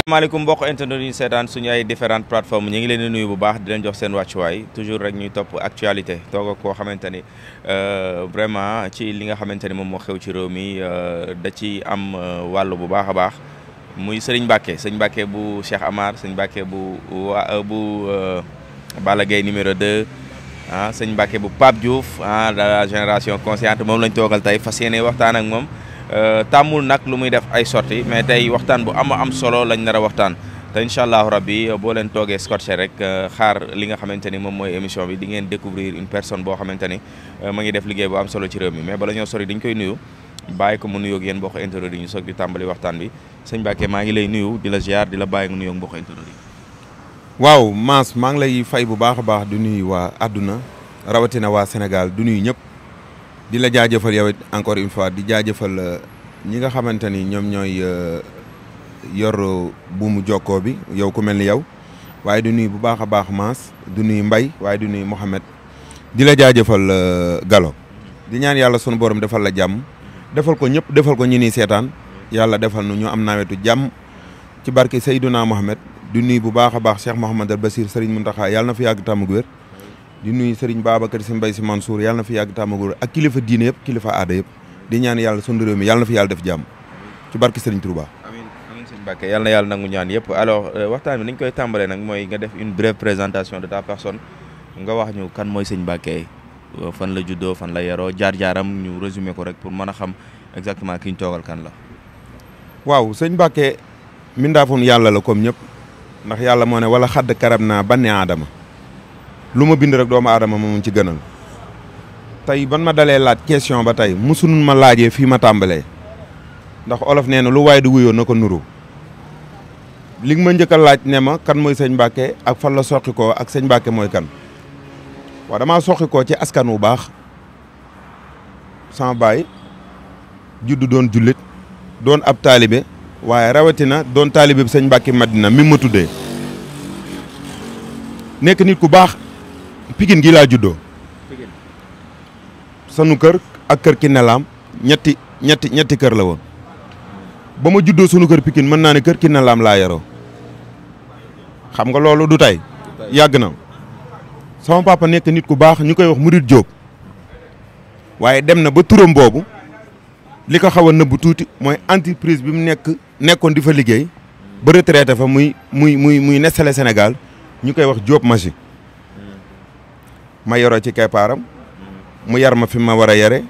asalaamaaleykum mbokk internet ñu seetaan suñu ay différentes plateformes ñu ngi leen di nuyu bu baax di leen jox seen waay toujours rek ñuy topp actualité toog koo xamante ni euh, vraiment ci li nga xamante ni moom moo xew ci réew mi euh, da ci am euh, wàll bu baax a baax muy Serigne Mbacké Serigne Mbacké bu Cheikh Amar Serigne Mbacké bu wa bu Balla Gaye numéro 2 ah Serigne Mbacké bu Pape Diouf ah génération consciente moom lañ toogal tey fas yéene waxtaan ak moom. Euh, tàmmul nag lu muy def ay sorti mais tey waxtaan bu ama am solo lañ nar a waxtaan te incha allahu rabbi euh, boo leen toogee scotché rek euh, xaar li nga xamante ni moom mooy émission bi di ngeen découvrir une personne boo xamante ni ma ngi def liggéey bu am solo ci réew mi mais bala ñoo sori dañ koy nuyu bàyyi ko mu nuyoog yéen ko internet yi ñu soog di tàmbali waxtaan bi sëñ Mbacké maa ngi lay nuyu di la ziar di la bàyyi nga nuyoog mbokk internet yi. waaw Mass maa ngi lay fay bu baax a baax du nuyu waa àdduna rawatina waa Sénégal du nuyu ñëpp. di la jaajëfal yow encore une fois di jaajëfal euh, ñi nga xamante ni ñoom ñooy euh, yor buumu jokkoo bi yow ku mel ni yow waaye du nuy bu baax a baax Maas du nuy Mbay waaye du nuy Mohamed di la jaajëfal euh, Gallo di ñaan yàlla sunu borom defal la jàmm defal ko ñëpp defal ko ñi nii seetaan yàlla defal nu ñu am nawetu jàmm ci barke Seydouna Mohamed du nuy bu baax a baax Cheikh Mouhamadal Basir Serigne Mountakha yàlla na fi yàgg tàmm gu wér di nuyu Serigne Babacar Sy Mbaye Sy Mansour yàlla na fi yàgg tàmmagóor ak kilifa diine yëpp kilifa aada yëpp di ñaan yàlla sunu réew mi yàlla na fi yàlla def jàmm ci barke Serigne Touba. amiin amiin sëñ Mbacke yàlla na yàlla nangu ñaan yëpp alors euh, waxtaan bi nañ koy tàmbalee nag mooy nga def une brève présentation de ta personne nga wax ñu kan mooy sëñ Mbacke euh, fan la juddoo fan la yaroo jaar-jaaram ñu résumé ko rek pour mën a xam exactement ki ñu toogal kan la. waaw sëñ Mbacke mindaafoon yàlla la comme ñëpp ndax yàlla moo ne wala xadd karab naa banne aadama lu ma bind rek doomu aadama moom ci gënal tey ban ma dalee laaj question ba tey mosuñu ma laajee fii ma tàmbalee ndax olof nee na lu waaye di wuyoo na ko nuru li ma njëkk laaj ne ma kan mooy sëñ Mbacke ak fan la soqi ak sëñ Mbacke mooy kan waaw damaa soqi koo ci askan wu baax sama baay juddu doon jullit doon ab taalibe waaye rawatina doon taalibe bi sëñ Mbacke Madina mi ma tuddee nekk nit ku baax. pikin gi laa juddoo. sanu kër ak kër Kiné Lam ñetti ñetti ñetti kër la woon ba ma juddoo sunu kër pikin mën naa ne kër Kiné Lam laa yaroo xam nga loolu du tey yàgg na sama papa nekk nit ku baax ñu koy wax mu di Diop waaye dem na ba turam boobu li ko xaw a nëbb tuuti mooy entreprise bi mu nekk nekkoon di fa liggéey ba retraité fa muy muy muy muy Nestlé Sénégal ñu koy wax jóop Machi ma yoroo ci keppaaram mu yar ma fi ma war a yare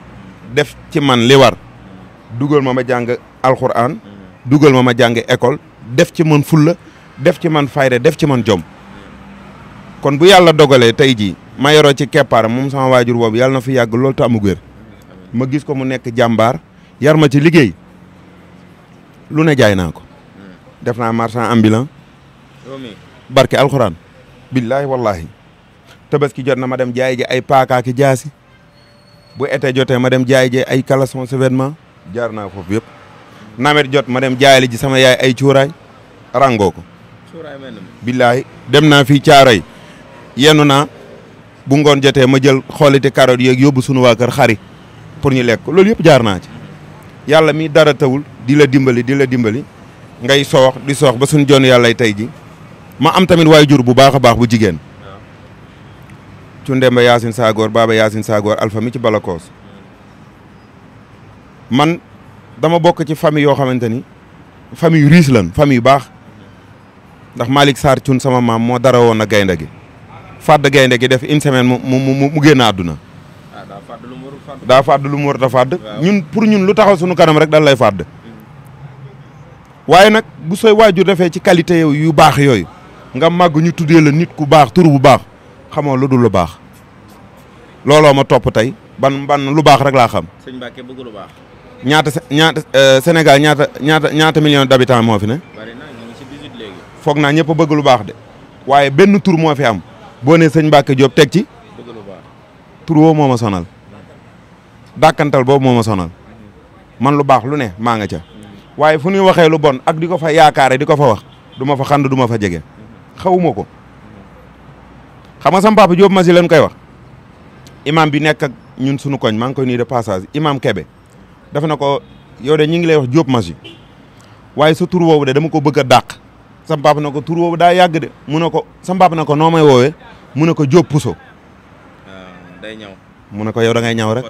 def ci man liwar war dugal ma ma jàng alxuraan dugal ma ma jàng école def ci man fulla def ci man fayda def ci man jom kon bu yàlla dogalee tey jii ma ci keppaaram moom sama waajur boobu yàlla na fi yàgg loolu te amug ma gis ko mu nekk jàmbaar yar ma ci liggéey lu ne jaay naa ko def naa marchand ambulant barke alxuraan billaahi wallaahi tabaski jot na ma dem jaay ji ay paakaaki jaasi bu été jotee ma dem jaay ji ay caleçon vêtement jaar naa foofu yëpp nawet jot ma dem jaayale ji sama yaay ay cuuraay rangoo ko. cuuraay billaay dem naa fii yi yenu naa bu ngoon jotee ma jël xoolite carottes yeeg yóbbu sunu waa kër xari pour ñu lekk loolu yëpp jaar naa ci. yàlla mi dara tawul di la dimbali di la dimbali ngay soox di soox ba suñu joon yàlla tey ji ma am tamit waay jur bu baax a baax bu jigéen. Cundemba Yacine Sagor Baba Yacine Sagor Alpha mi ci Balakoos man dama bokk ci famille yoo xamante ni famille riis lan fami yu baax ndax Malick Sarr cun sama maam moo dara woon na gaynde gi fàdd gaynde gi def une semaine mu mu mu génn àdduna ah, daa fàdd lu mu war a fàdd ñun pour ñun lu taxaw suñu kanam rek dañ lay fàdd waaye nag bu sooy waajur defee ci qualité yow yu baax yooyu nga màgg ñu tuddee la nit ku baax tur bu baax xamoo lu dul lu baax looloo ma topp tey ban ban lu baax rek laa xam. sëñ Mbacke bëgg baax. ñaata ñaata euh, Sénégal ñaata ñaata ñaata million d'habitants moo fi ne. na ñu foog naa ñëpp bëgg lu baax de waaye benn tur moo fi am boo nee sëñ Mbacke Diop teg ci. tur woo moo ma sonal. dàkkantal boobu moom ma sonal man lu baax lu ne maa nga ca. waaye fu ñuy waxee lu bon ak di ko fa yaakaare di ko fa wax du ma fa xand duma fa jege. xawuma ko. xam nga sama papa Diop Massi lañ koy wax imam bi nekk ak ñun sunu koñ maa ngi koy nuyu de passage imam Kebe dafa na ko yow de ñu ngi lay wax Diop Massi waaye sa tur woowu de dama ko bëgg a dàq sama papa na ko tur woowu daa yàgg de mu ne ko sama papa na ko noo may woowee mu ne ko Diop Pouso. Ah, day ñaw mu ne ko yow da ngay ñaw rek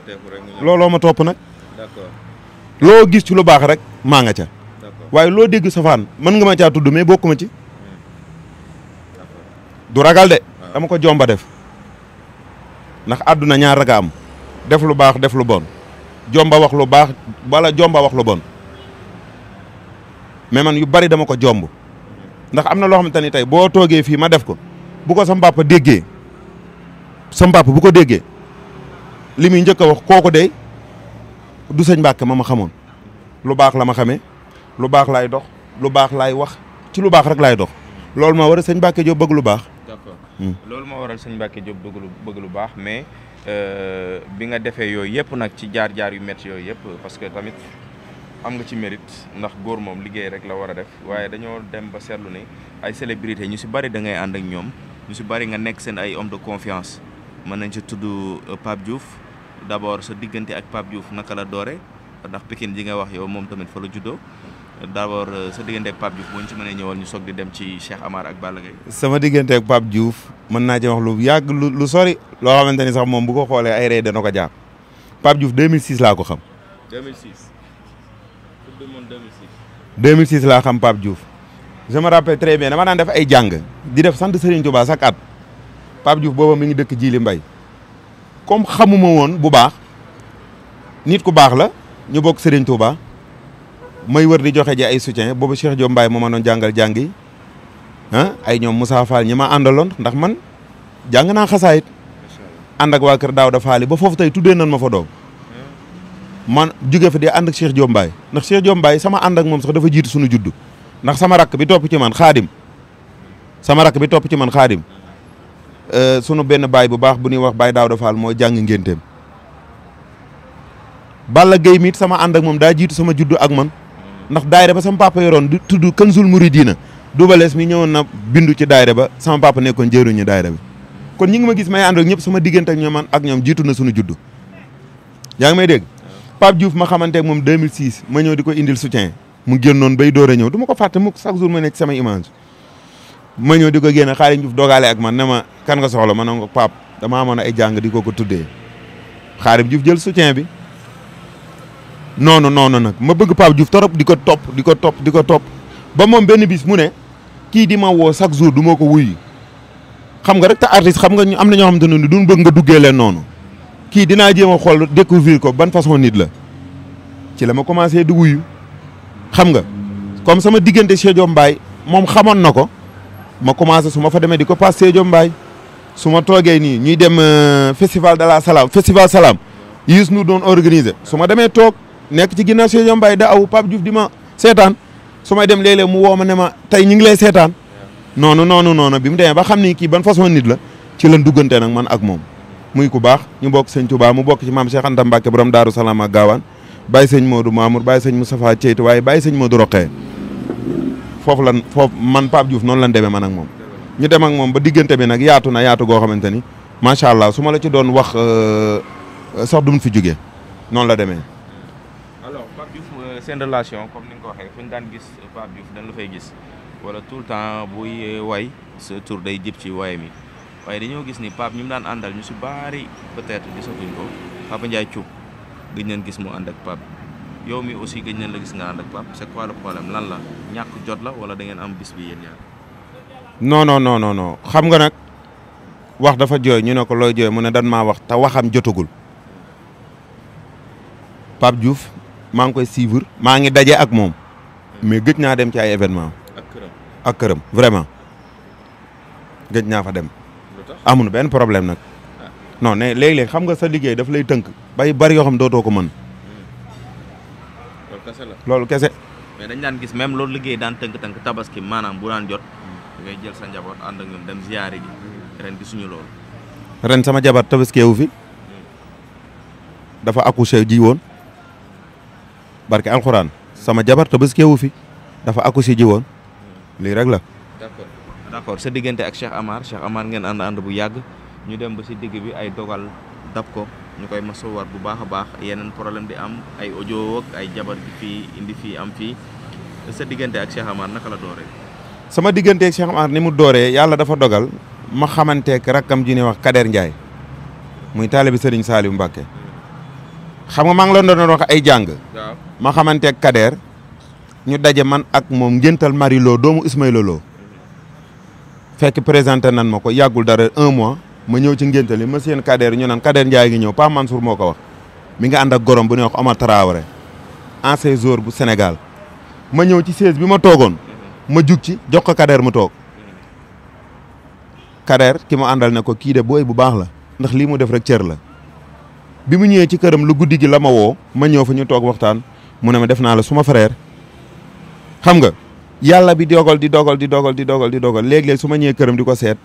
looloo ma topp na loo gis ci lu baax rek maa nga ca. waaye loo dégg safaan mën nga ma caa tudd mais ma ci. Hmm. du ragal de. dama ko jomba def ndax àdduna ñaar rek am def lu baax def lu bon jomba wax lu baax wala jomba wax lu bon mais man yu bari dama ko jomb ndax am na loo xamante ni tey boo toogee fii ma def ko bu ko sa déggee sa mbàpp bu ko déggee li muy njëkk a wax kooku de du sëñ Mbàkke ma ma xamoon lu baax la ma xamee lu baax laay dox lu baax laay wax ci lu baax rek laay dox loolu moo war a sëñ Mbàkke joo bëgg lu baax loolu moo waral sëñ Mbacke Diop dugg bëgg lu baax mais euh, bi nga defee yooyu yëpp nag ci jaar jaar yu métti yooyu yëpp parce que tamit am nga ci mérite ndax góor moom liggéey rek la war a def waaye dañoo dem ba seetlu ni ay célébrité ñu si bari da ngay ànd ak ñoom ñu si bari nga nekk seen ay homme de confiance mën nañ ci tudd euh, Pape Diouf d'abord sa diggante ak Pape Diouf naka la doore ndax Pikine ji nga wax yow moom tamit fa la juddoo d' abord euh, sa diggante ak Pape Diouf boo ñu si ñu soog di dem ci Cheikh Amar ak Balla sama diggante ak Pape Diouf mën naa ci wax lu yàgg lu lu sori loo xamante ni sax moom bu ko xoolee ay rey dana ko jaar Pape Diouf 2006 laa ko xam. 2006. coupe du monde 2006. 2006 laa xam Pape Diouf. je dama daan def ay jàng di def sant Serigne Touba chaque at Pape Diouf booba mi ngi dëkk Djily mbay comme xamuma woon bu baax nit ku baax la ñu bokk Serigne Touba. may wër di joxe ji ay soutien boobu Cheikh Diop moom moo ma doon jàngal ah ay ñoom Moussa Fall ñi ma àndaloon ndax man jàng naa xasaayit ànd ak waa kër Daouda Fall ba foofu tey tuddee nan ma fa doom man jóge fa di ànd ak Cheikh Diop Mbaye ndax Cheikh Diop sama ànd ak moom sax dafa jiitu suñu juddu ndax sama rakk bi topp ci man xaadim sama bi topp ci man xaadim euh, sunu benn baay bu baax bu ñuy wax baay Daouda Fall moo jàng ngénteem Balla Gueye mi sama ànd ak moom daa jiitu sama juddu ak man ndax daayira ba sama papa yoroon di tudd Kanzul Mouridina dubalees mi ñëwoon na bindu ci daayira ba sama papa nekkoon jëruñu daayira bi kon ñi ngi ma gis ma ànd ak ñëpp sama diggante ak ñoom man ak ñoom jiitu na suñu juddu yaa ngi may dégg Pape Diouf ma xamante ak moom 2006 ma ñëw di ko indil soutien mu génnoon bay door a ko fàtte mukk chaque jour ma nekk sama image ma ñëw di ko génne Xaadim Diouf dogaale ak man ne ma kan nga soxla ma ne ko Pape dama amoon ay jàng di ko ko tuddee Xaadim Diouf jël soutien bi noonu noonu nag ma bëgg Pape Diouf torop di ko topp di ko topp di ko topp ba moom benn bis mu ne kii di ma woo chaque jour duma ko wuyu xam nga rek te artiste xam nga ñu am na ñoo xamante ne ni duñ bëgg nga duggee leen noonu kii dinaa jéem a xool découvrir ko ban façon nit la ci la ma commencé di wuyu xam nga comme sama diggante Sédio Mbaye moom xamoon na ko ma commencé su ma fa demee di ko paas Sédio Mbaye su ma toogee nii ñuy dem euh, festival de la salam festival salam us Ndour doon organiser su ma demee toog. nekk ci ginnaaw Cheikh Mbaye da aw Pape Diouf di ma seetaan su ma dem léeg mu woo ma ne ma tey ñu ngi lay seetaan noonu noonu noonu bi mu demee ba xam ni kii ban façon nit la ci lan duggante nag man ak moom muy ku baax ñu bokk sëñ baax mu bokk ci maam Cheikh Anta Mbacke borom Daaru Salaam ak Gaawaan bàyyi sëñ Modou Mamour bàyyi sëñ Moustapha Ceytu waaye bàyyi sëñ Modou Roqee foofu lan foofu man Pape Diouf noonu lan demee ma nag moom ñu dem ak moom ba diggante bi nag yaatu na yaatu goo xamante ni macha allah su ma la ci doon wax euh, sax du mu fi jógee noonu la demee seen relation comme ni nga ko waxee fu ñu daan gis Pape Diouf dañ la gis wala tout le temps buy eh, way sa tur day jëp ci waay mi waaye dañoo gis ni Pape ñu mu daan àndal ñu si baari peut-être gisatuñ ko Papa Ndiaye Thioub gëj nañ gis mu ànd ak Pape yow mi aussi gëj nañ la gis nga ànd ak Pape c'est quoi le problème lan la ñàkk jot la wala da ngeen am bis bi yéen ñaar. non non non xam nga nag wax dafa jooy ñu ne ko looy jooy mu ne dan maa wax te waxam jotagul Pape maa ngi koy suivre maa ngi daje ak moom mais gëj naa dem ci ay événement ak këram ak këram vraiment gëj naa fa dem. amun benn problème nag. Ah. non ne léeg-léeg xam nga sa liggéey daf lay tënk. bay bari yoo xam dootoo ko mën. Hmm. loolu kese la loolu kese. mais dañ daan gis même loolu liggéey daan tënk-tënk tabaski maanaam bu daan jot. ngay jël sa njaboot ànd ak ñoom dem ziyaare ji. Hmm. ren gisuñu loolu. ren sama jabar tabaskeewu fi. Hmm. dafa accouché ji woon. barke alxuraan sama jabarta jabar tabaskiywu fi dafa accouché ji woon lii rek la. d'accord sa diggante ak Cheikh Amar Cheikh Amar ngeen ànd ànd bu yàgg ñu dem ba si digg bi ay dogal dab ko ñu koy masawaat bu baax a baax yeneen problème di am ay audio ay jabar fii indi fii am fii sa diggante ak Cheikh Amar naka la dooree. sama diggante ak Cheikh ni mu dooree yàlla dafa dogal ma xamanteek rakkam ji ne wax Kader Ndiaye muy taalibi Serigne Saliou Mbacké xam nga maa ngi la doon jàng. ma xamanteeg Kader ñu daje man ak moom ngéntal Marie Lo doomu Ismaïla Lo fekk présenté nan ma ko yàggul dara un mois ma ñëw ci ngéntal yi ma seen Kader ñu naan Kader Ndiaye ngi ñëw Pa Mansour moo ko wax mi nga ànd ak gorom bu ñuy wax Omar Traoré ancien joueur bu Sénégal ma ñëw ci siège bi ma toogoon ma jug ci jox ko Kader mu toog Kader ki mu àndal ne ko kii de booy bu baax la ndax lii mu def rek cër la bi mu ñëwee ci këram lu guddi gi la ma woo ma ñëw fa ñu toog waxtaan mu ne ma def naa la ma frère xam nga yàlla bi dogal di dogal di dogal di dogal di dogal léeg-léeg su ma ñëwee këram di ko seet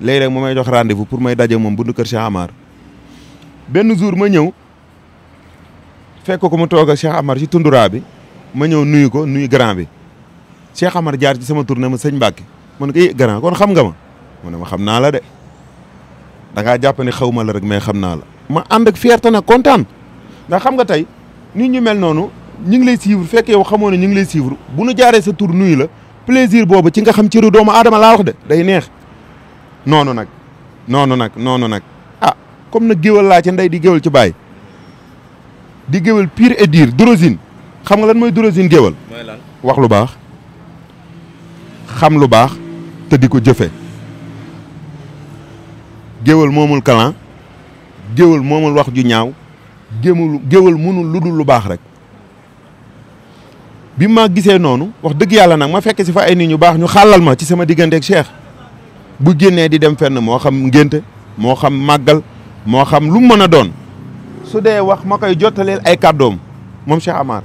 léeg-léeg mu may jox rendez-vous pour may daje moom bundu kër Cheikh Amar benn jour ma ñëw fekk ko mu toog ak Cheikh Amar ci tunduraa bi ma ñëw nuyu ko nuyu grand bi Cheikh Amar jaar ci sama tournée ma sëñ Mbacke ma ne ko eh grand kon xam nga ma mu ne ma xam naa la de da ngaa jàpp ne xaw ma la rek mais xam naa la ma ànd ak fierté nag kontaan ndax xam nga tey nit ñu mel noonu. ñu ngi lay suivre fekk yow xamoo ne ñu ngi lay suivre bu nu jaaree sa tur nuyu la plaisir boobu ci nga xam cëru doomu aadama laa wax de day neex noonu nag noonu nag noonu nag ah comme na géwal laa ci ndey di géwal ci baay di géwal pire et dire drosine xam nga lan mooy drosine géwal wax lu baax xam lu baax te di ko jëfe géwal moomul kalan géwal moomul wax ju ñaaw gémul géwal munul lu dul lu baax rek bi ma gisee noonu wax dëgg yàlla nag ma fekk si fa ay nit ñu baax ñu xàllal ma ci sama digganteeg Cheikh bu génnee di dem fenn moo xam ngénte moo xam màggal moo xam lu mën a doon su dee wax ma koy jottaleel ay kàddoom moom Cheikh Amar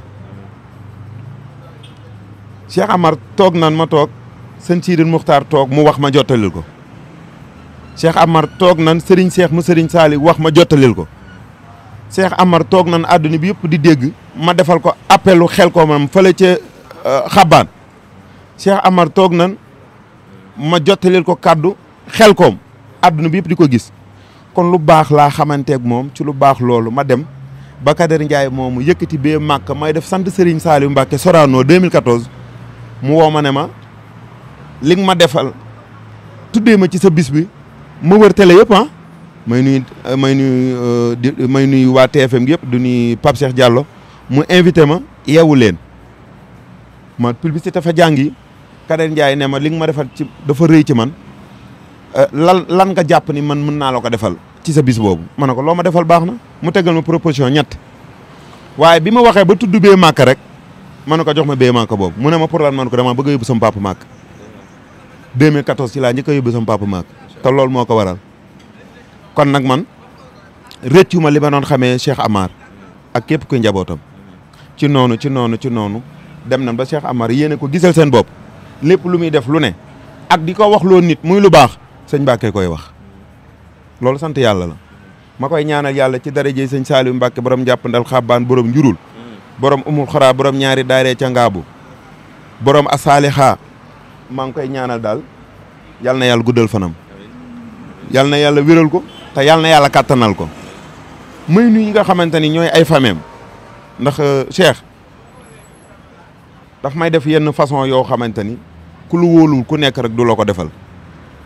Cheikh Amar toog nan ma toog sëñ Sidil Muxtaar toog mu wax ma jottalil ko Cheikh Amar toog nan Serigne seex mu Serigne Saali wax ma jottalil ko Cheikh Amar toog nañ àdduna bi yëpp di dégg ma defal ko appelu xel ko mam fële ca euh, xabaan Cheikh Amar toog nañ ma jottalil ko kàddu xel koom adduna bi yëpp di ko gis kon lu baax laa xamanteeg moom ci lu baax loolu ma dem ba Kader Ndiaye moomu yëkkati bee màkk may def sant Serigne Saliou Mbacke Sorano 2014 mu woo ma ne ma li ma defal tuddee ma ci sa bis bi ma wër télé yëpp ah may nuy may nuy di may nuy waa yëpp du nuy Pape Cheikh mu invité ma yeewu leen ma publicité fa jàngi Kader Ndiaye ne ma li ma defal ci dafa rëy ci man euh, lan lan nga jàpp ni man mën naa la ko defal ci sa bis boobu ma ne ko loo ma defal baax na mu tegal ma proposition ñett waaye bi ma waxee ba tudd bee màkk rek man ne ko jox ma bee màkk boobu mu ne ma pour lan ma ne ko damaa bëgg a yóbbu sama papa màkk 2014 ci laa njëkk a yóbbu sama papa màkk te loolu moo ko waral kon nag man rëccu ma li ma doon xamee Cheikh Amar ak képp kuy njabootam ci noonu ci noonu ci noonu dem na ba Cheikh Amar yéene ko gisal seen bopp lépp lu muy def lu ne ak di ko wax loo nit muy lu baax sëñ Mbàkke koy wax loolu sant yàlla la ma koy ñaanal yàlla ci daraje sëñ Saliou Mbàkke borom jàppandal xabbaan boroom njurul borom umul xaraa borom ñaari daaree ca ngaabu borom asaalixa maa ngi koy ñaanal daal yal na yàlla guddal fanam yal na yàlla wéral ko te yàlla na yàlla kàttanal ko may nuyu ñi nga xamante ni ñooy ay famem ndax euh, Cheikh daf may def yenn façon yoo xamante ni ku lu wóolul ku nekk rek du la ko defal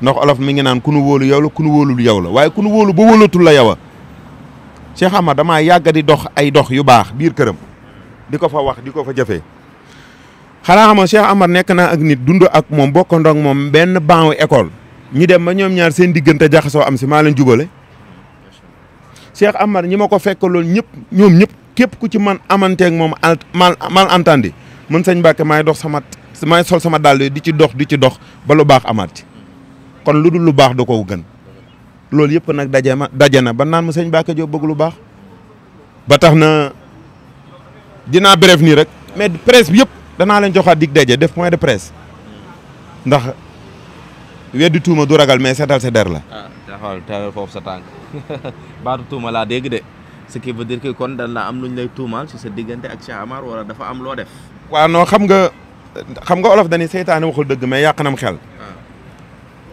ndax olof mi ngi naan ku nu wóolu yow la ku nu wóolul yow la waaye ku nu wóolu ba wóolatul la yow a Cheikh Ama damaa yàgg di dox ay dox yu baax biir këram di ko fa wax di ko fa jëfee xanaa xam nga Cheikh Amar nekk naa ak nit dund ak moom bokkandoo moom benn banc école ñi dem ba ñoom ñaar seen diggante jaxasoo am si maa jubale Cheikh Amar ñi ma ko fekk loolu ñëpp ñoom ñëpp képp ku ci man amanteeg moom mal mal entendu man sëñ Mbàkke maay dox sama maay sol sama dàll di ci dox di ci dox ba lu baax amaat ci kon lu dul lu baax da koo gën loolu yëpp nag daje ma daje na ba naan ma sëñ Mbàkke joo bëgg lu baax ba tax na dinaa bref nii rek mais presse bi yëpp danaa leen joxaat dig daje def point de presse ndax weddi tuuma du ragal mais seetal sa la ah. taxawal foofu sa tànk laa dégg de ce qui veut dire que am lu ñu lay tuumaal ci sa diggante ak Cheikh Amar dafa am loo def. waaw non xam nga xam nga olof dañuy seytaane waxul dëgg mais yàq nam xel. Ah.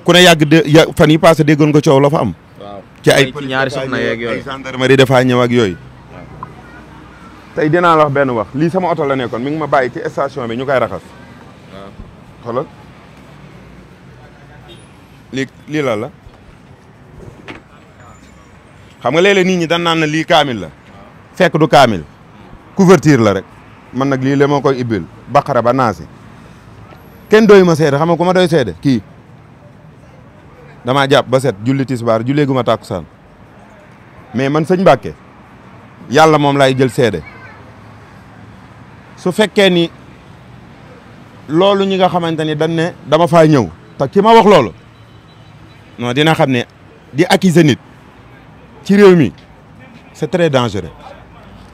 ku ne yàgg de fan yi passé déggoon nga coow la fa am. ci ay ñaari soxna yeeg yooyu ay gendarmerie dafaa ñëw ak yooyu. Ah. tey dinaa la wax benn wax lii sama oto la nekkoon mi ngi ma bàyyi ci station bi ñu koy raxas. waaw ah. lii lii la. xam nga léeg nii ñi dan naan na lii kaamil la fekk du kaamil couverture la rek man nag lii la moo koy ibbil baqara ba naasi kenn doy ma seede xam nga ku ma doy seede kii dama jàpp ba set julli tisbaar jullee gu ma tàkkusaan mais man sëñ Mbàkke yàlla moom laay jël seede su fekkee ni loolu ñi nga xamante ni dañ ne dama faa ñëw te ki ma wax loolu non dina xam ne di accuser nit ci réew mi c'est très dangereux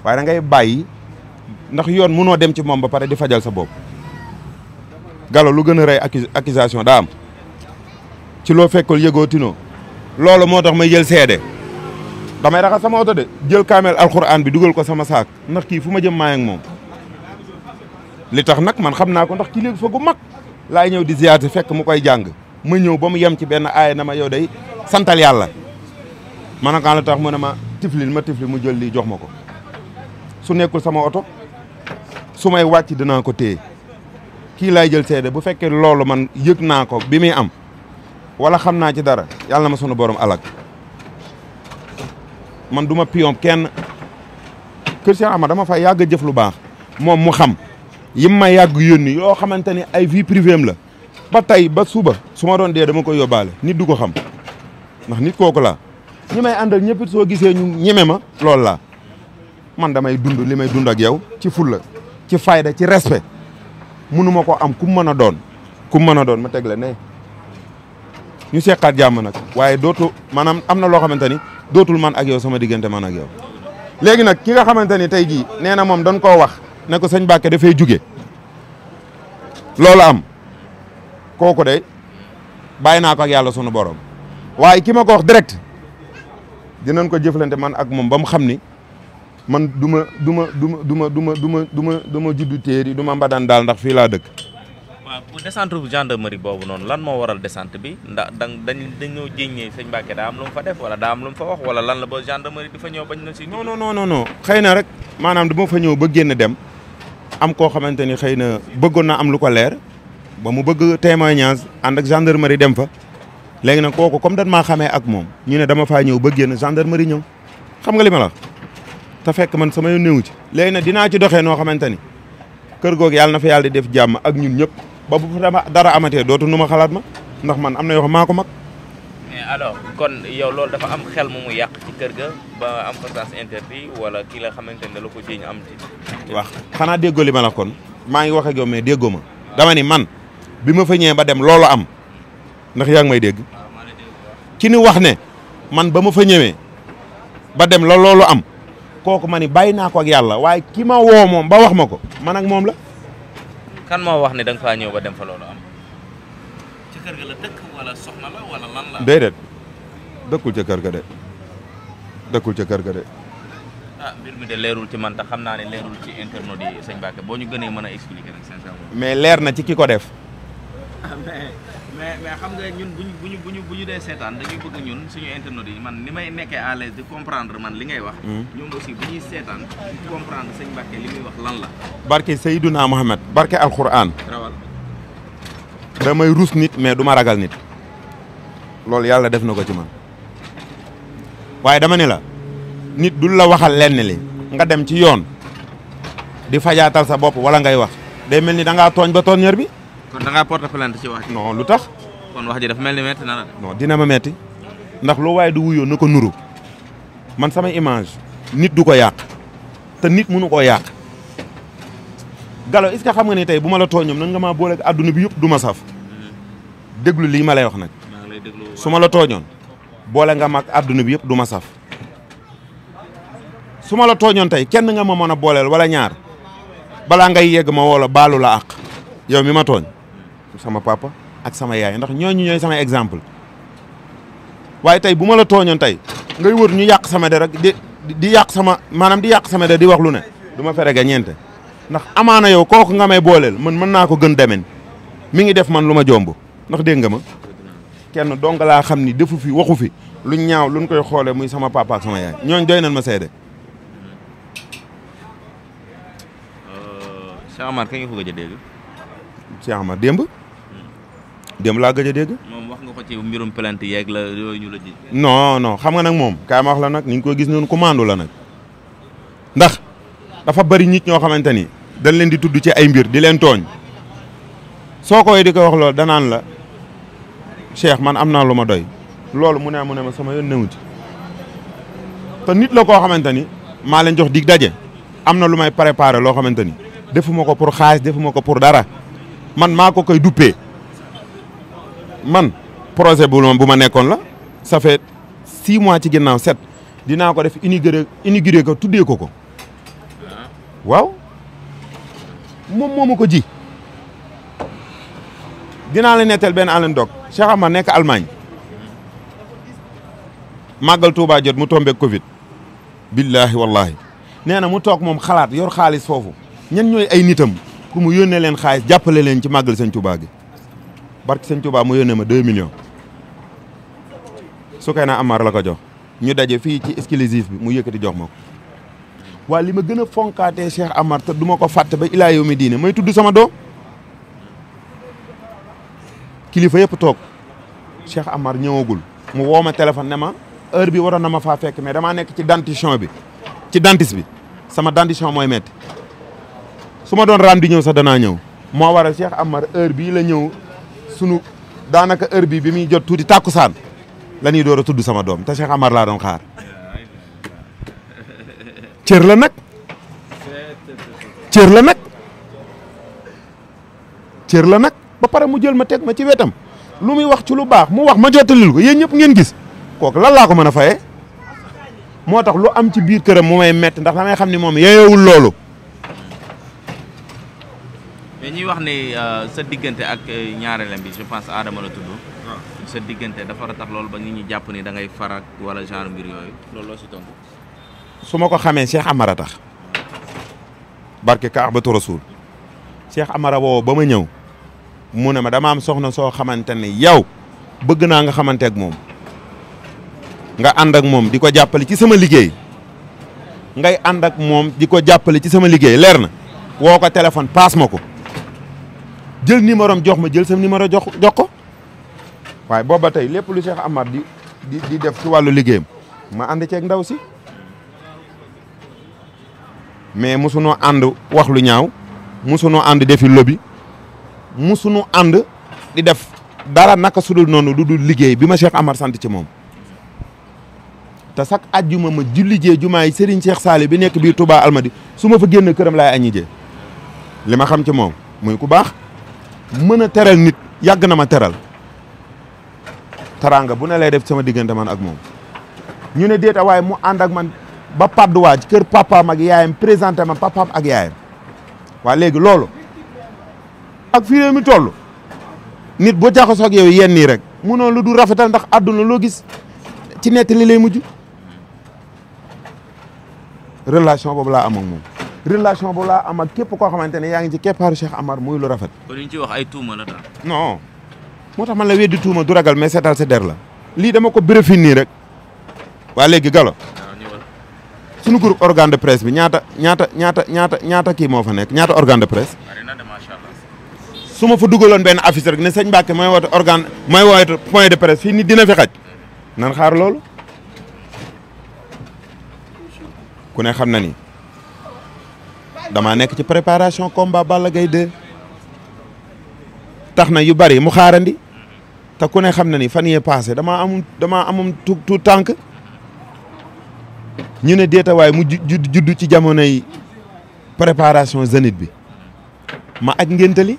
waaye da ngay bàyyi ndax yoon noo dem ci moom ba pare di fajal sa bopp galo lu gën a rey accusation daa am ci loo fekkul yëgoo tinoo loolu moo tax may jël seede damay raxas sama oto de jël kaamel alxuraan bi dugal ko sama saak ndax kii fu ma jëm maay moom li tax nag man xam naa ko ndax ki léegi foogu mag laay ñëw di ziyaate fekk mu koy jàng ma ñëw ba mu yem ci benn aaya na ma yow santal yàlla man kaa la tax mu ne ma tiflil ma tifli mu jël lii jox ma ko su nekkul sama oto su may wàcc dinaa ko téye kii laay jël seede bu fekkee loolu man yëg naa ko bi muy am wala xam naa ci dara yàlla na ma sunu borom alak man du ma pion kenn kër Cheikh ma dama fa yàgg a jëf lu baax moom mu xam yim ma yàgg yónni yoo xamante ni ay vi privée la ba tey ba suba su ma doon dee dama koy yóbbaale nit du ko xam ndax nit kooku laa ñi may àndal ñëpp soo gisee ñu ñeme ma loolu la man damay dund li may dund ak yow ci fulla ci fayda ci respect munu ma ko am ku mën a doon kum mën a doon ma tegle la ne ñu seqaat jàmm nag waaye dootu maanaam am na loo xamante ni dootul man ak yow sama diggante man ak yow léegi nag ki nga xamante ni tey jii nee na moom dañ koo wax ne ko sëñ Mbàkke dafay juge loolu am kooku de bàyyi naa ko ak yàlla sunu borom waaye ki ma ko direct dinañ ko jëflante man ak moom ba mu xam ni man du ma du ma du ma du ma du ma du ma du ma juddu téeri du ma mbadaan daal ndax fii laa dëkk. waaw pour bu bu gendarmerie boobu noonu lan moo waral descente bi ndax dañ dañ dañoo jéññee sëñ Mbacke daa am lu mu fa def wala daa am lu mu fa wax wala lan la boo gendarmerie di fa ñëw bañ na si. non non non non xëy na rek maanaam dama fa ñëw ba génn dem am koo xamante ni xëy na bëggoon na am lu ko leer ba mu bëgg témoignage ànd ak gendarmerie dem fa. léegi nag kooku comme dañ maa xamee ak moom ñu ne dama faa ñëw ba génn gendarmerie ñëw xam nga li ma la te fekk man sama yoon néewu ci léegi nag dinaa ci doxee noo xamante ni kër goog yàlla na fa yàlla di def jàmm ak ñun ñëpp ba bu dama dara amatee dootu nu ma xalaat ma ndax man am na yoo maa ko mag mais alors kon yow loolu dafa am xel mu mu yàq ci kër ga ba am passage interdit wala kii la xamante ne la ko jiñ am ci wax xanaa déggoo li ma la kon maa ngi wax ak yow mais ma dama ni man bi ma fa ñëwee ba dem loolu am ndax yaa ngi may dégg ci ni wax ne man ba ma fa ñëwee ba dem la loolu am kooku ma ni bàyyi naa ko yàlla waaye ki ma woo moom ba wax ma ko man ak moom la. kan moo wax ne da nga ñëw ba dem fa loolu dëkkul ca kër ga de dëkkul ca kër ga de. Ah, leerul ci man te xam naa ne leerul ci boo ñu gënee mën a expliquer mais leer na ci ki ko def. Ah, mais mais xam nga ñun bu ñu bu ñu dee seetaan dañuy bëgg ñun suñu internet yi man ni may nekkee à l'aise di comprendre man li ngay wax. Hmm. ñoom aussi bu ñuy seetaan comprendre sëñ Mbacke li muy wax lan la. barke Seydouna Mohamed barke alquran. rawal damay rus nit mais du ma ragal nit. loolu yàlla def na ko ci man waaye dama ni la nit dul la waxal lenn li nga dem ci yoon di fajaatal sa bopp wala ngay wax day mel ni da ngaa tooñ ba tooñeer bi. kon da ngaa porte plainte lu tax. kon wax ji dafa mel ni na la. dina ma metti ndax loo waaye du wuyoo na ko nuru man sama image nit du ko yàq te nit mënu koo yàq Gallo est-ce xam nga ne tey bu ma la tooñoom nan nga maa boole ak adduna bi yëpp du ma saf déglu lii ma lay wax nag. su ma la tooñoon boole nga ma ak adduna bi yëpp du ma saf su ma la tooñoon tey kenn nga ma mën a booleel wala ñaar balaa ngay yegg ma woo la baalu la àq yow mi ma tooñ. sama papa ak sama yaay ndax ñooñu ñooy sama exemple waaye tey bu ma la tooñoon tey ngay wër ñu yàq sama der rek di di yàq sama maanaam di yàq sama der di wax lu ne du ma fere ga ñeente ndax amaana yow kooku nga may booleel man mën naa ko gën demeen mi ngi def man lu ma jomb ndax dégg nga ma kenn dong laa xam ni defu fi waxu fi lu ñaaw lu luñ koy xoolee muy sama papa ak sama yaay ñooñ doy nañ ma seede. Euh, Cheikh Amar kañ nga ko gëj a dégg. Cheikh Amar démb. dem laa gëj a dégg. moom wax ci mbirum plante yeeg la yooyu ñu la ji. xam nga nag moom kaay ma wax la nag ni ñu koy gis noonu commande la nag ndax dafa bari nit ñoo xamante ni dañ leen di tudd ci ay mbir di leen tooñ soo koy di ko wax lool danaan la Cheikh man am naa lu ma doy loolu mu ne mu ne ma sama yoon newuti te nit la koo xamante ni maa leen jox dig daje am na lu may préparé loo xamante ni defuma ko pour xaalis defuma ko pour dara man maa ko koy duppee. man projet bu ma bu ma nekkoon la ça fait mois ci ginnaaw sept dinaa ko def ini inauguré ko tuddee ko ko waaw moom moo ko ji dinaa la netteel benn Alioune Ndog Cheikh Amar nekk Allemagne màggal Touba jot mu tombé Covid billahi wallahi nee na mu toog moom xalaat yor xaalis foofu ñen ñooy ay nitam pour mu yónnee leen xaalis jàppale leen ci màggal seen Touba gi. barke sëñ Touba mu yónnee ma 2 millions Soukeyna Amar la ko ñu daje fii ci exclusif bi mu yëkkati jox ma waa li ma gën a fonkaatee Cheikh Amar te du ma ko fàtte ba ilaa yow mi diine may tudd sama doom kilifa yëpp toog Cheikh Amar ñëwagul mu woo ma téléphone ne ma heure bi waroon na ma faa fekk mais damaa nekk ci dentition bi ci dentiste bi sama dentition mooy metti su ma doon raam di ñëw sax danaa ñëw moo waral Cheikh Amar heure bii la ñëw sunu daanaka heure bi bi muy jot tuuti tàkkusaan la ñuy door a tudd sama doom te Cheikh Amar laa doon xaar cër la nag cër la nag cër la nag ba pare mu jël ma teg ma ci wetam lu muy wax ci lu baax mu wax ma jottalil ko yéen ñëpp ngeen gis kooku lan laa ko mën a fayee moo tax lu am ci biir këram mu may metti ndax damay xam ni moom yeewul loolu mais ñuy wax ne euh, sa diggante ak euh, ñaareelam bi je pense Adama la tudd. Ah. sa diggante dafa tax loolu ba nit ñi jàpp ni dangay ngay farak wala genre mbir yooyu loolu loo si tontu. su ma ko xamee Cheikh Amara tax barke Kaabatu Rasul Cheikh Amara woo ba ma ñëw mu ne ma dama am soxna soo xamante ne yow bëgg naa nga xamante ak moom nga ànd ak moom di ko jàppale ci sama liggéey ngay ànd ak moom di ko jàppale ci sama liggéey leer na woo ko téléphone paas ma ko. jël numéro am jox ma jël sam numéro jox jox ko waaye booba tey lépp lu Cheikh Amar di di def ci wàllu liggéeyam ma ànd ceeg ndaw si mais musunoo ànd wax lu ñaaw musunoo ànd defi lobby musunu ànd di def dara naka su sudul noonu lu dul liggéey bi ma Cheikh Amar sant ci moom te sax ajjuma ma julli jee jumaay Serigne Cheikh Saliou bi nekk biir Touba Almadi su ma fa génnee këram laay añi jee li ma xam ci moom muy ku baax mën a teral nit yàgg na ma teral taraanga bu ne lay def sama diggante man ak moom ñu ne déeta waaye mu ànd ak man ba padduwaa ci kër papaam mag yaayam présenté ma papaam ak yaayam waa léegi loolu ak fii mi toll nit bu jaxasoo ak yow yenn yi rek munoo lu du rafetal ndax àdduna loo gis ci nettali lay mujj relation boobu laa am moom relation bu laa am képp koo xamante ne yaa ngi ci keppaaru Cheikh Amar muy lu rafet. kon li ñu ci wax ay tuuma moo tax man la weddi tuuma du ragal mais seetal sa der la. lii dama ko bérefin nii rek waa léegi galo ah, suñu groupe organe de presse bi ñaata ñaata ñaata ñaata ñaata kii moo fa nekk ñaata organe de presse. su ma fa dugaloon benn affiche rek ne sëñ Mbacke mooy woote organe mooy woote point de presse fii ni dina fi xaj. nan xaar loolu ku ne xam na ni. damaa nekk ci préparation combat Balla gay 2 tax na yu bari mu xaarandi te ku ne xam ne ni fan yee passé damaa amum damaa amum tu tout tànk ñu ne deetawaay mu judd ci jamonoy préparation zénith bi ma aj ngéntali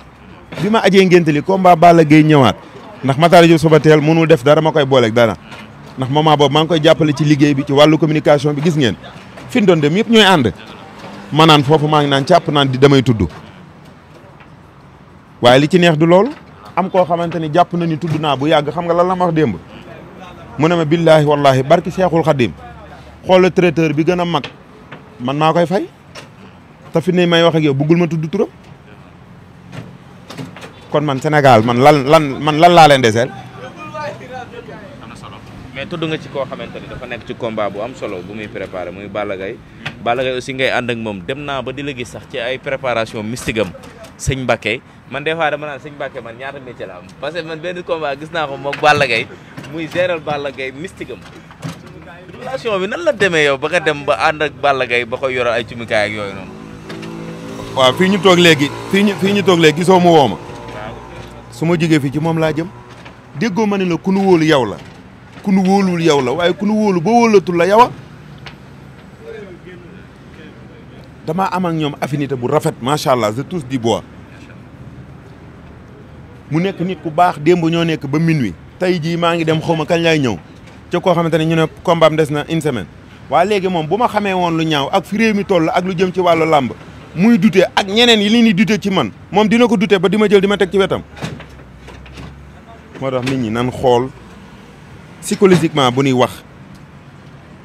bi ma ajee ngéntali combat Balla Gaye ñëwaat ndax Matar Diop suba teel mënul def dara ma koy booleeg dara ndax moment boobu maa ngi koy jàppale ci liggéey bi ci wàllu communication bi gis ngeen fi ñu doon dem yëpp ñooy ànd ma foofu maa ngi naan càpp naan di damay tudd waaye li ci neex du loolu am koo xamante ni jàpp na ni tudd naa bu yàgg xam nga lan la ma wax démb mu ne ma billaahi wallaahi barki seexul xadim xoola traiteur bi gën a mag man maa koy fay te fi may wax ak yow ma tudd turam kon man Sénégal man lan lan man lan laa leen deseel mais tudd nga ci koo xamante ni dafa nekk ci combat bu am solo bu muy préparé muy Balla Gaye Balla Gaye aussi ngay ànd ak moom dem naa ba di la gis sax ci ay préparation mystique am sëñ Mbacké man des fois dama naan sëñ Mbacké man ñaata métier la am parce que man benn combat gis naa ko moom Balla Gaye muy géral Balla gay mystique am bi nan la demee yow ba nga dem ba ànd ak Balla ba koy yoral ay cumikaay ak yooyu noonu. waaw fii ñu toog léegi fii ñu fii ñu toog léegi gisoo ma woo ma. su fii ci moom laa jëm déggoo ma ne la ku yow la. ku nu wóolul yow la waaye kunu wóolu ba wóolatul la yow damaa am ak ñoom affinité bu rafet macha allah je touche du bois mu nekk nit ku baax démb ñoo nekk ba minuit. tey jii maa ngi dem xaw ma kañ lay ñëw ca koo xamante ne ñu ne combat des na une semaine waaye léegi moom bu ma xamee woon lu ñaaw ak fi réew mi toll ak lu jëm ci wàllu làmb muy dute ak ñeneen yi li ñuy dute ci man moom dina ko dute ba di ma jël di ma teg ci wetam moo tax nit ñi nan xool. psychologiquement bu ñuy wax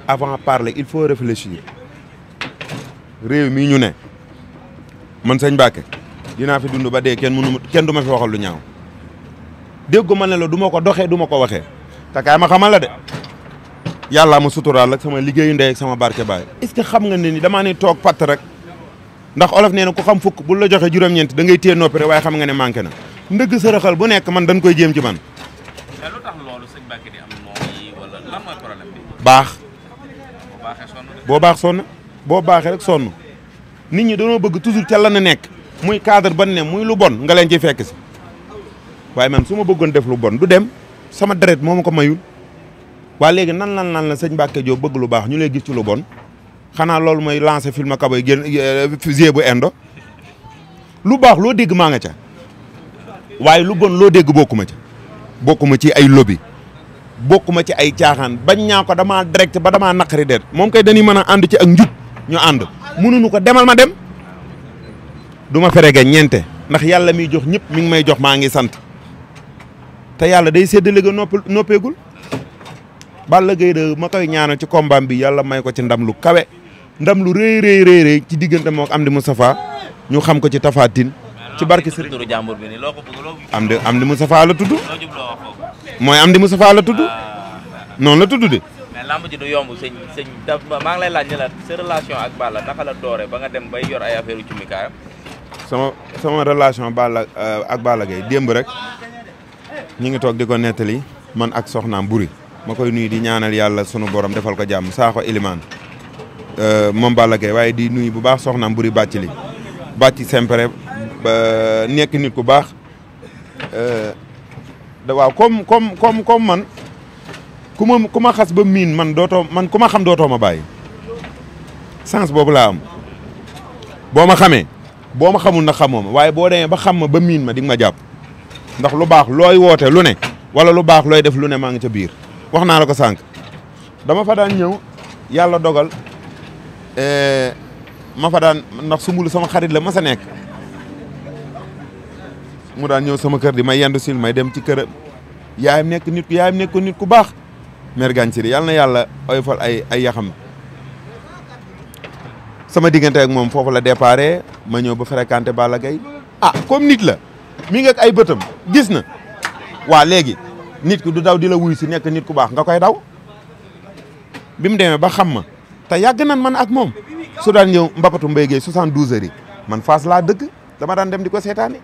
avant parler il faut réfléchir réew mii ñu ne man sëñ Mbacke dinaa fi dund ba dee kenn mënu kenn du ma fi waxal lu ñaaw déggu ma ne la du ma ko doxee du ma ko waxee te kaay ma xamal la de yàllaa ma suturaal ak sama liggéeyu ndey ak sama barke baay est-ce que xam nga ne ni damaa ne toog patt rek ndax olof nee na ku xam fukk bu la joxe juróom-ñeent da ngay téye noppi rek waaye xam nga ne manqué na ndëgg sërëxal bu nekk man dañ koy jéem ci man tax loolu baax. boo baaxee boo baax sonn boo baaxee rek sonn nit ñi dañoo bëgg toujours ca la na nekk muy cadre ba ne muy lu bon nga leen ci fekk si waaye man su ma bëggoon def lu bon du dem sama deret moo ma ko mayul waa léegi nan lan lan la sëñ Mbacké Diop bëgg lu baax ñu lay gis ci lu bon xanaa loolu mooy lancer film kaboy génn fusée euh, bu indo lu baax loo dégg maa ca waaye lu bon loo dégg bokkuma ca. bokkuma ci ay lobby bokkuma ci ay caaxaan bañ ñaa ko damaa ba damaa naqari deet moom kay dañuy mën a ànd ci ak njub ñu ànd mënuñu ko demal ma dem duma ma ferege ñeente ndax yàlla miy jox ñëpp mi ngi may jox maa ngi sant te yàlla day séddale ga nopp noppeegul Balla Gaye de ma koy ñaanal ci combat bi yàlla may ko ci ndam lu kawe ndam lu rëy rëy rëy ci diggante moo am di Moustapha ñu xam ko ci Tapha ci barke Serigne turu jàmbur bi ni loo ko am di am di Moustapha la tudd mooy am di Moustapha la tudd ah. noonu la tudd de mais lamb ji du yomb sëñ sëñ maa ngi lay la sa relation ak Balla naka la doore ba dem bay yor ay affaire ci mikaayam sama sama relation Balla euh, ak Balla Gaye démb rek ñi ngi toog di ko nettali man ak soxnaam buri ma koy nuyu di ñaanal yàlla sunu borom defal ko jàmm saako ilimaan euh, moom Balla Gaye waaye di nuyu bu baax soxnaam buri bàcc li bàcc ba nekk nit ku baax da euh, waaw kom comme comme comme man ku ma ku ma xas ba miin man dootoo man ku ma xam dootoo ma baay sens boobu laa am boo ma xamee boo ma xamul na xamoo ma waaye boo demee ba xam ma ba miin ma di ma jàpp ndax lu baax looy woote lu ne wala lu baax looy def lu ne maa ngi ca biir wax naa la ko sànq dama fa daan ñëw yàlla dogal euh, ma fa daan ndax sumbulu sama xarit la ma sa nekk mu daan ñëw sama kër di may yendu sil may dem ci kër yaayam nekk nit yaayam nekk ku baax mère Gane Siri yàlla na yàlla oyofal ay ay yaxam sama diggante ak moom foofu la déparé ma ñëw ba fréquenté Balla gay a ah, comme nit la mii nga ak ay bëtam gis na waa léegi nit ku du daw di la wuy si nekk nit ku baax nga koy daw bi mu demee ba xam ma te yàgg nan man ak moom su daan ñëw mbapatu mbéy géey soixante-douze heures man Fass laa dëkk dama daan dem di ko seetaani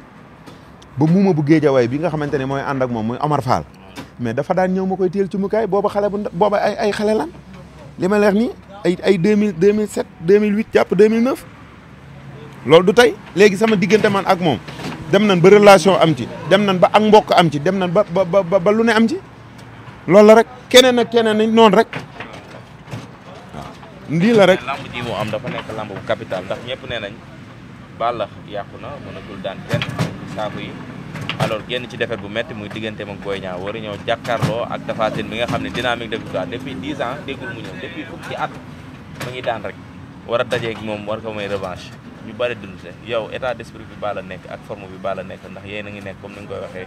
ba muuma bu jawaay bi nga xamante ne mooy ànd ak moom muy Omar Fall mais dafa daan ñëw ma koy teel ci mukaay booba xale bu booba ay ay xale li ma leer nii ay ay deux mille deux mille sept deux mille huit jàpp deux loolu du tey léegi sama diggante man ak moom dem nañ ba relation am ci dem nañ ba ak mbokk am ci dem nañ ba ba ba lu ne am ci loolu la rek keneen ak keneen nañ noon rek waaw lii la rek. dafa nekk lamb bu capital ndax ñëpp nee nañ Balla yàqu na mënatul daan saako yi alors génn ci defet bu métti muy diggante mag Boy Niang war a ñëw jàkkaarloo ak Tapha Tine bi nga xam ne dynamique de victoire depuis 10 ans déggul mu ñëw depuis fukki at mu ngi daan rek war a dajeeg moom war ko may revanche ñu bëri dund te yow état d'esprit bi baa la nekk ak forme bi baa la nekk ndax yéen a ngi nekk comme ni nga koy waxee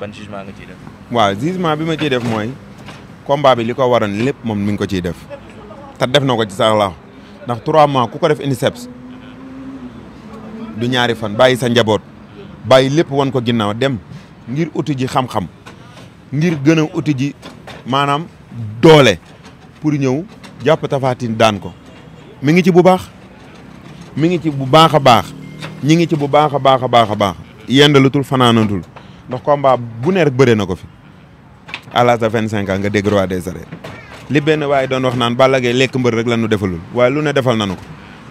ban jugement nga ciy def. waaw jugement bi ma ciy def mooy combat bi li ko waroon lép moom mi ngi ko ciy def te def na ko ci sax la ndax 3 mois ku ko def INSEPS du ñaari fan bàyyi sa njaboot. bàyyi lépp wan ko ginnaaw dem ngir uti ji xam-xam ngir gën a uti ji maanaam doole pour ñëw jàpp tafaatin daan ko mi ngi ci bu baax mi ngi ci bu baax a baax ñi ngi ci bu baax a baax a baax a baax yendalutul fanaanatul ndax combat bu ne rek bëre na ko fi à l'âge de cinq ans nga dégg roi des arènes li benn waaye doon wax naan Balla Gaye lekk mbër rek la defalul waaye lu ne defal nanu ko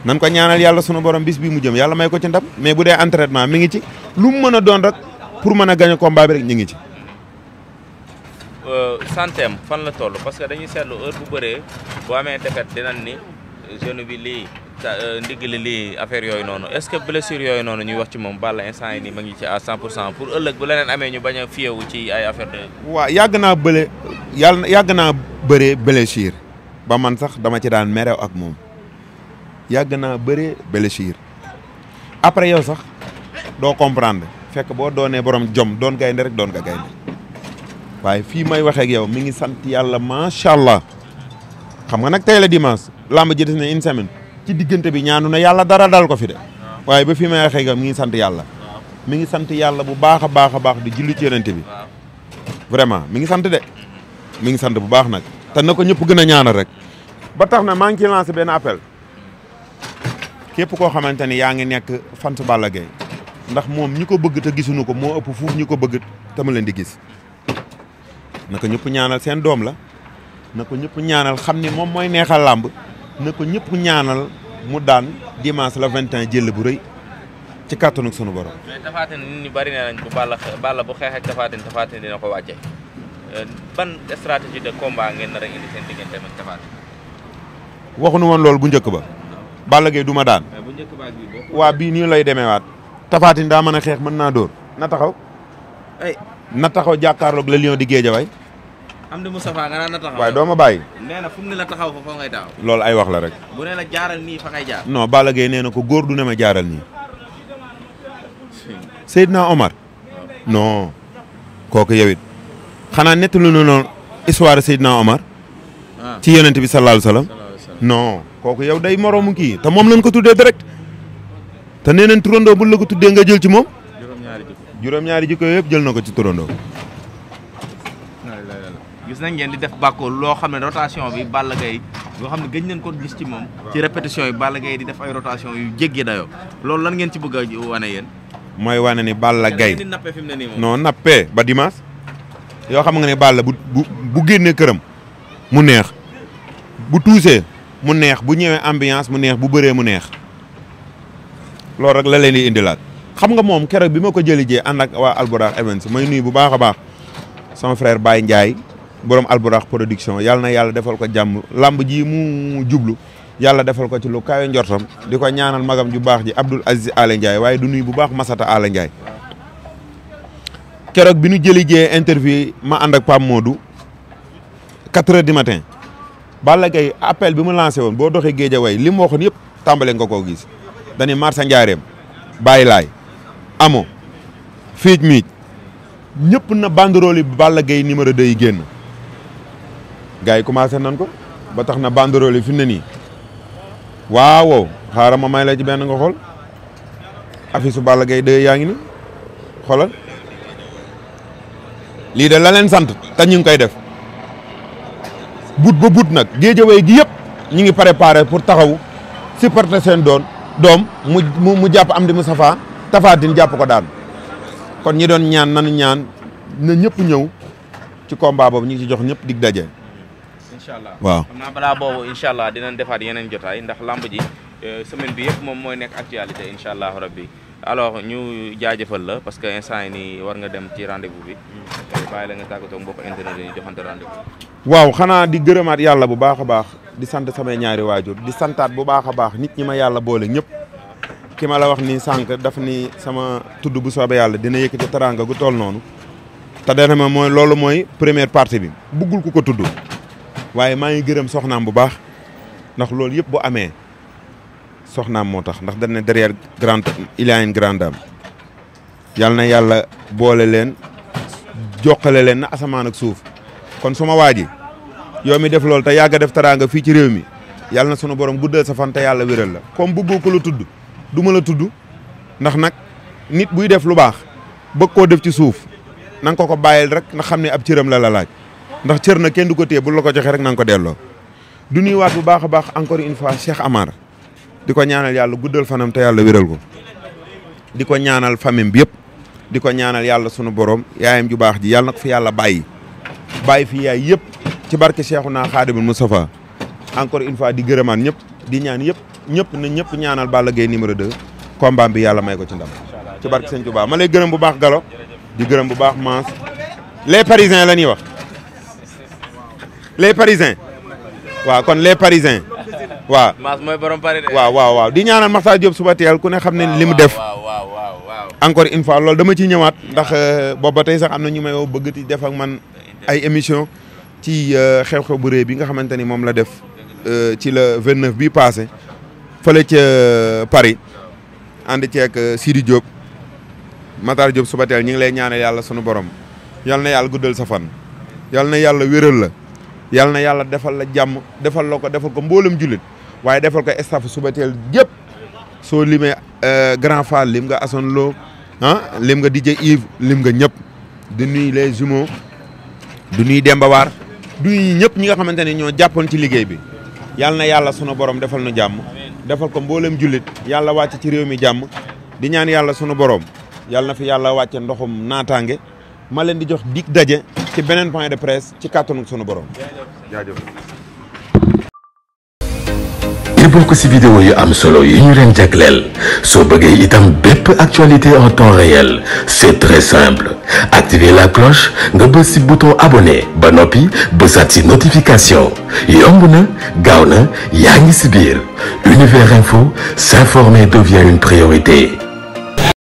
nan ko ñaanal yàlla sunu borom bis bi mu jëm yàlla may ko ci ndam mais bu dee entraînement mi ngi ci lu mu mën a doon rek pour mën a gagné combat bi rek ñu ngi ci. Euh, santeem fan la toll parce que dañuy seetlu heure bu bëree boo amee défaite dinañ ni jeune bi lii euh, ndigg li lii affaire yooyu noonu est-ce que blessure yooyu noonu ñuy wax ci moom Balla instant yi ni ma ngi ci à 100 pour cent pour ëllëg bu leneen amee ñu bañ a fiyewu ci ay affaire de. waaw yàgg naa bële yàlla yàgg naa bëree blessure ba man sax dama ci daan merew ak moom. yàgg naa bëree Belchir après yow sax doo comprendre fekk boo doonee boroom jom doon gaynde rek doon ga gaynde waaye fii may waxeeg ak yow mi ngi sant yàlla macha allah xam nga nag tey la dimanche làmb ji des na une semaine ci diggante bi ñaanu na yàlla dara dal ko fi de waaye ba fii may waxee ak yow mi ngi sant yàlla mi ngi sant yàlla bu baax a baax a baax di julli ci yonent bi vraiment mi ngi sant de mu ngi sant bu baax nag te na ko ñëpp gën a ñaanal rek ba tax na maa ngi ciy benn appel képp koo xamante ni yaa ngi nekk fant Balla Gaye ndax moom ñi ko bëgg te gisuñu ko moo ëpp fuuf ñi ko bëgg te ma leen di gis naka ñëpp ñaanal seen doom la na ko ñëpp ñaanal xam ni moom mooy neexal làmb na ko ñëpp ñaanal mu daan dimanche la 21 jël bu rëy ci kàttanu sunu borom. mais Tapha nit ñi bari nañ ko bu xeex ak Tapha Tine Tapha Tine dina ko wàcce euh, ban stratégie de combat ngeen nar a indi seen diggante ak Tapha Tine. waxuñu woon loolu bu njëkk ba. Balla Gaye du ma daan. waa bii nii lay demewaat Tapha daa mën a xeex mën naa dóor na taxaw ay na taxaw jàkkaarloog le lion di Guédiawaye am di waaye doo ma bàyyi loolu ay wax la rek bu ne la jaaral nii fa na ko góor du ne ma jaaral nii Seydina Omar non kooku yow xanaa nettalu na noonu histoire Seydina Omar ah. ci yonent bi sallallahu non kooku yow day moroomu kii te moom lañ ko tuddee direct te nee nañ turandoo buñ la ko tuddee nga jël ci moom. juróom-ñaari jikko juróom yëpp jël na ko ci turandoo. gis nan ngeen di def bàkku loo xam ne rotation bi Balla Gaye loo xam ne gëj nañ ko gis ci moom. ci répétition yi Balla Gaye di def ay rotation yu jéggi dayoo loolu lan ngeen ci bëgg a wane yéen. mooy wane ni Balla la ngeen nappee fi mu ne nii moom nappee ba dimaas yoo xam nga ne Balla bu bu bu génnee këram mu neex bu tuusee mu neex bu ñëwee ambiance mu neex bu bëree mu neex loolu rek la leen di indilaat xam nga moom keroog bi ma ko jëli jee ànd waa Albourakh Events mooy nuyu bu baax a baax sama frère Baye Ndiaye borom Albourakh production yàlla na yàlla defal ko jàmm làmb ji mu jublu yàlla defal ko ci lu kawe njortam di ko ñaanal magam ju baax ji Abdoul Aziz Alé Ndiaye waaye du nuyu bu baax Masata ale Ndiaye keroog bi nu jëli jee interview ma ànd ak moo Modou 4 heures du matin. Balla Gaye appel bi mu lancé woon boo doxee Guédiawaye li mu waxoon yëpp tàmbale nga koo gis dañuy marsa njaareem bàyyi laay amo fiij miij ñëpp na banderole yi Balla Gaye numéro 2 yi génn gars yi commencé nan ko ba tax na banderole yi fi ne nii waaw xaaral ma may la ci benn nga xool affiche su Balla gay 2 yaa ngi ni xoolal lii de la leen sant te ñu koy def but ba but nag géejaway gi yëpp ñi ngi préparé pour taxaw supporter seen doon doom mu mu jàpp am di mu safaa tafaatin jàpp ko daan kon ñi doon ñaan nanu ñaan na ñëpp ñëw ci combat boobu ñu ngi ci jox ñëpp dig daje. incha allah waaw xam naa balaa boobu incha allah dinañ defaat yeneen jotaay ndax lamb ji euh, semaine bi yëpp moom mooy nekk actualité incha allah rabbi alors ñu jaajëfal la parce que instant yi nii war nga dem ci rendez bi. Mm. bàyyi la nga tàggatoo ak mbokk internet yi joxante waaw xanaa di gërëmaat yàlla bu baax a baax di sant samay ñaari waajur di santaat bu baax a baax nit ñi ma yàlla boole ñëpp. ki ma la wax ni sànq daf ni sama tudd bu soobee yàlla dina yëkk yëkkati teraanga gu tool noonu. te dana ma mooy loolu mooy première partie bi buggul ku ko tudd waaye maa ngi gërëm soxnaam bu baax ndax loolu yëpp bu amee soxnaam moo tax ndax dañ ne derrière grand il y a une na yàlla boole leen jokkale leen na asamaan ak suuf kon suma waa ji yow mi def loolu te yàgg def taraanga fii ci réew mi yàlla na sunu borom guddal sa fan te yàlla wéral la comme bëggoo ko la tudd du ma la tudd ndax nag nit buy def lu baax bëgg koo def ci suuf nan ko ko bàyyil rek na xam ne ab cëram la la laaj ndax cër na kenn du ko téye bu la ko joxee rek na nga ko delloo du nuyuwaat bu baax a baax encore une fois Cheikh Amar di ko ñaanal yàlla guddal fanam te yàlla wéral ko di ko ñaanal famille bi yëpp di ko ñaanal yàlla sunu borom yaayam ju baax ji yàlla na ko fi yàlla bàyyi bàyyi fi yaay yëpp ci na Cheikhouna Khadimul Moustapha encore une fois di gërëmaan ñëpp di ñaan yëpp ñëpp na ñëpp ñaanal Balla Gaye numéro 2 combat bi yàlla may ko ci ndam ci barke Sëñ Tuubaa ma lay gërëm bu baax Galo di gërëm bu baax Maas les parisiens la ñuy wax les parisiens waaw kon les parisiens waaw Mass mooy waaw waaw waaw di ñaanal Makhtar Diop suba teel ku ne xam ne li mu def. encore une fois loolu dama ciy ñëwaat. ndax euh, boobu ba tey sax am na ñu may wo bëgg di def ak man ay émission ci euh, xew-xew bu rëy bi nga xamante ni moom la def euh, ci le 29 bi passé fële ca Paris ànd ceeg Sidi Diop Makhtar Diop suba teel ñu ngi lay ñaanal yàlla sunu borom yal na yàlla guddal sa fan yal na yàlla wéral la. yal na yàlla defal la jàmm defal la ko defal ko mboolem jullit waaye defal ko staff suba teel yëpp soo limee euh, grand fall lim nga Assane loo ah lim nga DJ Yves lim nga ñëpp du nuy les jumeaux du nuy Demba waar du ñëpp ñi nga xamante ne ñoo jàppoon ci liggéey bi yàlla na yàlla sunu borom defal nu jàmm defal ko mboolem julit yàlla wàcc ci réew mi jàmm di ñaan yàlla sunu borom yàlla na fi yàlla wàcce ndoxum naataange ma di jox dig daje. ci beneen point de presse ci kàttanu sunu borom. jaajëf di ko si vidéo yu am solo yu ñu leen jagleel soo bëggee itam bépp actualité en temps réel c'est très simple activer la cloche nga bës si bouton abonné ba noppi bësaat si notification yomb na gaaw na yaa ngi si biir univers info s'informer devient une priorité.